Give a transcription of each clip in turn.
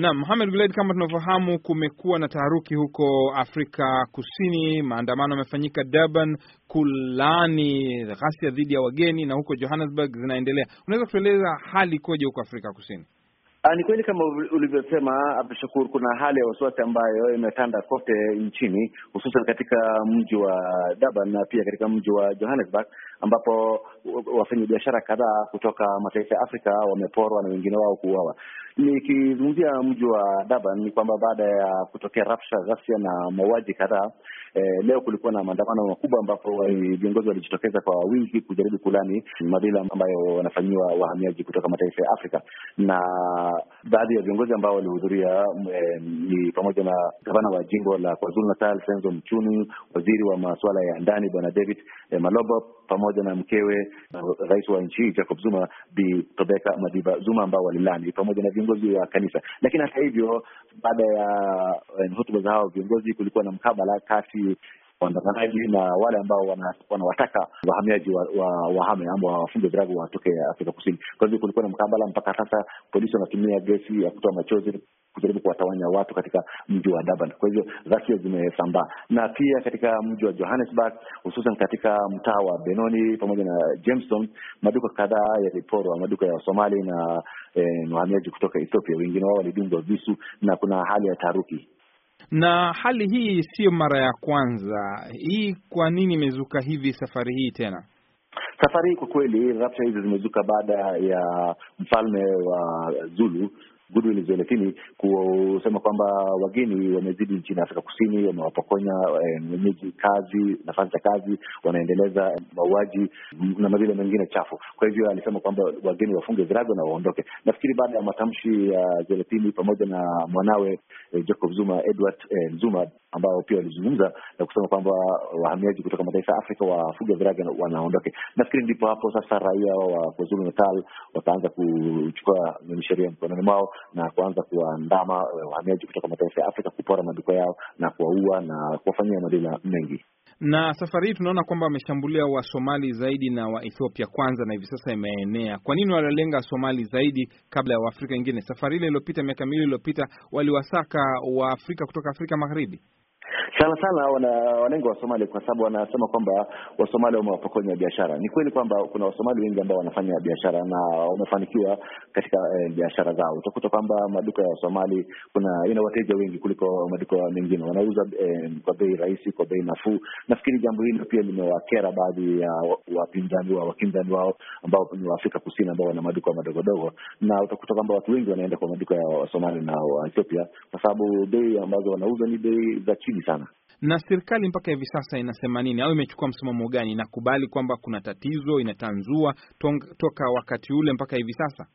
Naam, Mohamed Guled, kama tunavyofahamu, kumekuwa na taharuki huko Afrika Kusini. Maandamano yamefanyika Durban kulani ghasia dhidi ya wageni na huko Johannesburg zinaendelea. Unaweza kutueleza hali ikoje huko Afrika Kusini? Ah, ni kweli kama ulivyosema Abdushakur, kuna hali ya wasiwasi ambayo imetanda kote nchini, hususan katika mji wa Durban na pia katika mji wa Johannesburg, ambapo wafanyabiashara kadhaa kutoka mataifa ya Afrika wameporwa na wengine wao kuuawa. Nikizungumzia mji wa Durban ni kwamba baada ya kutokea rafsha ghasia na mauaji kadhaa, eh, leo kulikuwa na maandamano makubwa ambapo viongozi walijitokeza kwa wingi kujaribu kulani madhila ambayo wanafanyiwa wahamiaji kutoka mataifa ya Afrika, na baadhi ya viongozi ambao walihudhuria eh, ni pamoja na gavana wa jimbo la KwaZulu Natal Senzo Mchunu, waziri wa masuala ya ndani bwana David eh, Malobo pamoja na mkewe eh, rais wa nchi Jacob Zuma Bi Tobeka Madiba Zuma ambao walilani pamoja na viongozi wa kanisa. Lakini hata hivyo, baada ya eh, hotuba za hao viongozi, kulikuwa na mkabala kati waandamanaji na wale ambao wanawataka wahamiaji wahame wa, wahame ama wafunge virago watoke Afrika Kusini. Kwa hivyo kulikuwa na mkabala mpaka sasa, polisi wanatumia gesi ya kutoa machozi kujaribu kuwatawanya watu katika mji wa Durban. Kwa hivyo ghasia zimesambaa na pia katika mji wa Johannesburg, hususan katika mtaa wa Benoni pamoja na Jameson, maduka kadhaa yaliporwa, maduka ya Wasomali na eh, wahamiaji kutoka Ethiopia. Wengine wao walidungwa visu na kuna hali ya taharuki. Na hali hii sio mara ya kwanza hii. Kwa nini imezuka hivi safari hii tena? Safari hii kwa kweli, ghasia hizi zimezuka baada ya mfalme wa Zulu goodwill lakini kusema kwamba wageni wamezidi nchini Afrika Kusini, wamewapokonya eh, wenyeji kazi, nafasi za kazi, wanaendeleza eh, mauaji na madhila mengine chafu. Kwa hivyo alisema kwamba wageni wafunge virago na waondoke. Nafikiri baada ya matamshi ya uh, Zelatini pamoja na mwanawe eh, Jacob Zuma, Edward eh, Zuma ambao pia walizungumza na kusema kwamba wahamiaji kutoka mataifa ya Afrika wafuge virago na wanaondoke. Nafikiri ndipo hapo sasa raia wa KwaZulu Natal wataanza kuchukua eh, sheria mkononi mwao na kuanza kuwaandama wahamiaji kutoka mataifa ya Afrika, kupora maduka yao na kuwaua na kuwafanyia madila mengi. Na safari hii tunaona kwamba wameshambulia Wasomali zaidi na Waethiopia kwanza, na hivi sasa imeenea. Kwa nini wanalenga somali zaidi kabla ya Waafrika wengine? Safari ile iliyopita, miaka miwili iliyopita, waliwasaka Waafrika kutoka Afrika Magharibi sana sana wanalenga Wasomali kwa sababu wanasema kwamba Wasomali wamewapokonya biashara. Ni kweli kwamba kuna Wasomali wengi ambao wanafanya biashara na wamefanikiwa katika eh, biashara zao. Utakuta kwamba maduka ya Wasomali kuna ina wateja wengi kuliko maduka mengine, wanauza eh, kwa bei rahisi, kwa bei nafuu. Nafikiri jambo hilo pia limewakera baadhi ya wapinzani wa wakinzani wao ambao ni wa Afrika Kusini ambao wana maduka madogodogo, na utakuta kwamba watu wengi wanaenda kwa maduka ya Wasomali na Waethiopia kwa sababu bei ambazo wanauza ni bei za chini sana sana. Na serikali mpaka hivi sasa inasema nini au imechukua msimamo gani? Inakubali kwamba kuna tatizo, inatanzua tong, toka wakati ule mpaka hivi sasa?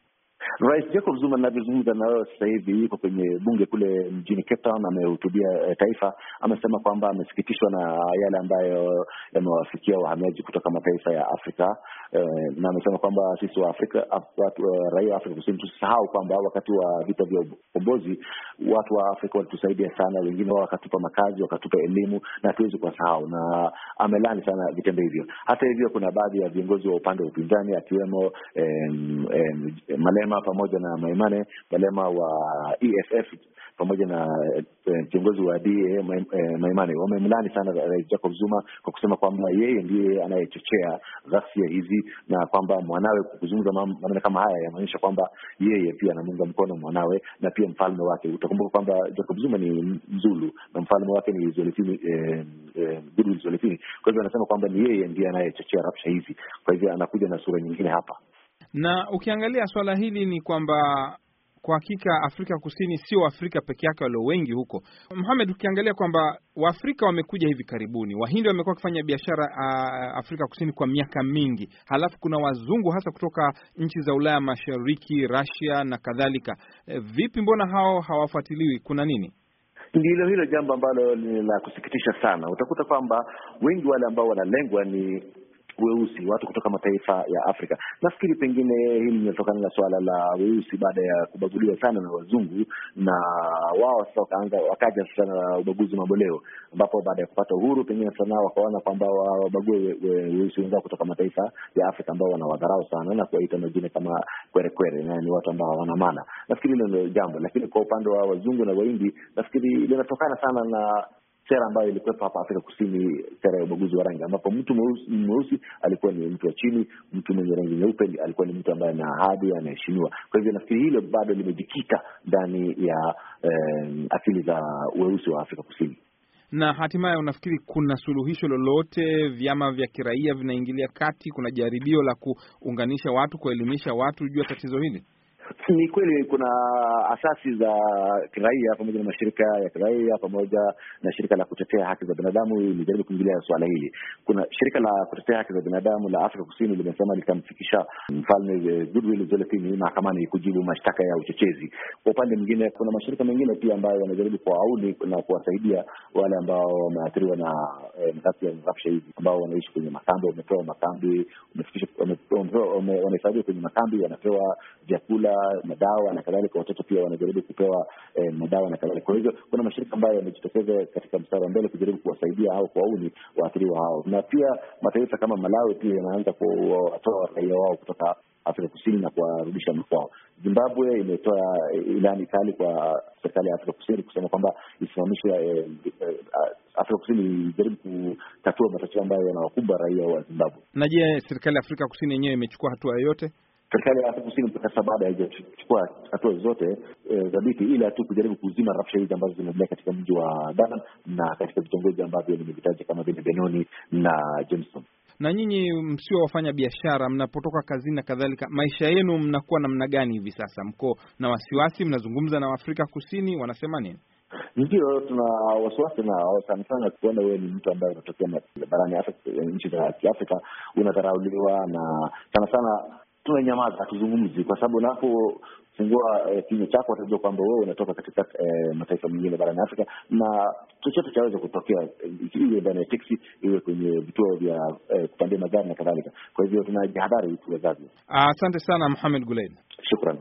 Rais Jacob Zuma anavyozungumza na wewe sasa hivi yuko kwenye bunge kule mjini Cape Town, amehutubia eh, taifa. Amesema kwamba amesikitishwa na yale ambayo yamewafikia wahamiaji kutoka mataifa ya Afrika e, na amesema kwamba sisi wa Afrika, eh, raia wa Afrika Kusini tusisahau kwamba wakati wa vita vya ukombozi watu wa Afrika walitusaidia sana, wengine wao wakatupa makazi, wakatupa elimu, na hatuwezi kuwasahau, na amelani sana vitendo hivyo. Hata hivyo, kuna baadhi ya viongozi wa upande wa upinzani akiwemo em, em, Malema pamoja na Maimane, Malema wa EFF pamoja na eh, kiongozi wa DA eh, eh, Maimane wamemlani sana Rais Jacob Zuma kwa kusema kwamba yeye ndiye anayechochea ghasia hizi na kwamba mwanawe kuzungumza maneno kama haya yanaonyesha kwamba yeye pia anamuunga mkono mwanawe na pia mfalme wake Utakumbuka kwamba Jacob Zuma ni Mzulu na mfalme wake ni Zwelithini, eh, eh Goodwill Zwelithini. Kwa hivyo anasema kwamba ni yeye ndiye anayechochea rabsha hizi, kwa hivyo anakuja na sura nyingine hapa na ukiangalia swala hili ni kwamba kwa hakika Afrika Kusini sio Waafrika peke yake walio wengi huko, Mohamed. Ukiangalia kwamba Waafrika wamekuja hivi karibuni, Wahindi wamekuwa wakifanya biashara Afrika Kusini kwa miaka mingi, halafu kuna wazungu hasa kutoka nchi za Ulaya Mashariki, Russia na kadhalika. E, vipi, mbona hao hawafuatiliwi? Kuna nini? Ndilo hilo jambo ambalo ni la kusikitisha sana. Utakuta kwamba wengi wale ambao wanalengwa ni weusi, watu kutoka mataifa ya Afrika. Nafikiri pengine hili linatokana na suala la weusi baada ya kubaguliwa sana na wazungu, na wao sasa wakaanza wakaja sasa na ubaguzi mamboleo, ambapo baada ya kupata uhuru pengine sana wakaona kwamba wabague weusi we, wenzao kutoka mataifa ya Afrika ambao wanawadharau sana na kuwaita majina kama kwerekwere na ni watu ambao hawana maana. Nafikiri hilo ndio jambo, lakini kwa upande wa wazungu na Wahindi nafikiri linatokana sana na sera ambayo ilikuwepo hapa Afrika Kusini, sera ya ubaguzi wa rangi, ambapo mtu mweusi alikuwa ni mtu wa chini, mtu mwenye rangi nyeupe alikuwa ni mtu ambaye ana hadhi, anaheshimiwa. Kwa hivyo nafikiri hilo bado limejikita ndani ya eh, asili za weusi wa Afrika Kusini. Na hatimaye, unafikiri kuna suluhisho lolote? Vyama vya kiraia vinaingilia kati? Kuna jaribio la kuunganisha watu, kuelimisha watu juu ya tatizo hili? Ni kweli kuna asasi za kiraia pamoja na mashirika ya kiraia pamoja na shirika la kutetea haki za binadamu ilijaribu kuingilia swala hili. Kuna shirika la kutetea haki za binadamu la Afrika Kusini limesema litamfikisha mfalme eh, Goodwill mahakamani kujibu mashtaka ya uchochezi. Kwa upande mwingine, kuna mashirika mengine pia ambayo yanajaribu kuwaauni na kuwasaidia wale ambao wameathiriwa na rabsha eh, hizi, ambao wanaishi kwenye makambi, wamepewa makambi, wamehifadhiwa kwenye makambi, wanapewa vyakula madawa na kadhalika. Watoto pia wanajaribu kupewa eh, madawa na kadhalika. Kwa hivyo kuna mashirika ambayo yamejitokeza katika mstari wa mbele kujaribu kuwasaidia au kuwauni waathiriwa hao, na pia mataifa kama Malawi pia yanaanza kuwatoa raia wao kutoka Afrika Kusini na kuwarudisha makwao. Zimbabwe imetoa eh, ilani kali kwa serikali ya Afrika Kusini kusema kwamba isimamishe eh, eh, eh, Afrika Kusini ijaribu kutatua matatizo ambayo yanawakumba raia wa Zimbabwe. Na je, serikali ya Afrika Kusini yenyewe imechukua hatua yoyote? Serikali ya Afrika Kusini mpaka sasa bado haijachukua hatua zote eh, dhabiti, ila tu kujaribu kuzima rabsha hizi ambazo zinaendelea katika mji wa Durban na katika vitongoji ambavyo nimevitaja kama vile Benoni na Jameson. Na nyinyi msio wafanya biashara, mnapotoka kazini na kadhalika, maisha yenu mnakuwa namna gani hivi sasa? Mko na wasiwasi? Mnazungumza na Waafrika Kusini, wanasema nini? Ndio, tuna wasiwasi nao sana sana. Kuona wewe ni mtu ambaye unatokea barani Afrika, nchi za Kiafrika, unadharauliwa na sana sana nyamaza hatuzungumzi, kwa sababu fungua eh, kinywa chako watajua kwamba wewe unatoka katika eh, mataifa mengine barani Afrika na chochote chaweza kutokea, eh, iwe ndani ya teksi, iwe kwenye vituo vya eh, kupandia magari na kadhalika. Kwa hivyo tunajihadhari tuwezavyo. Asante sana Muhamed Guleid, shukran.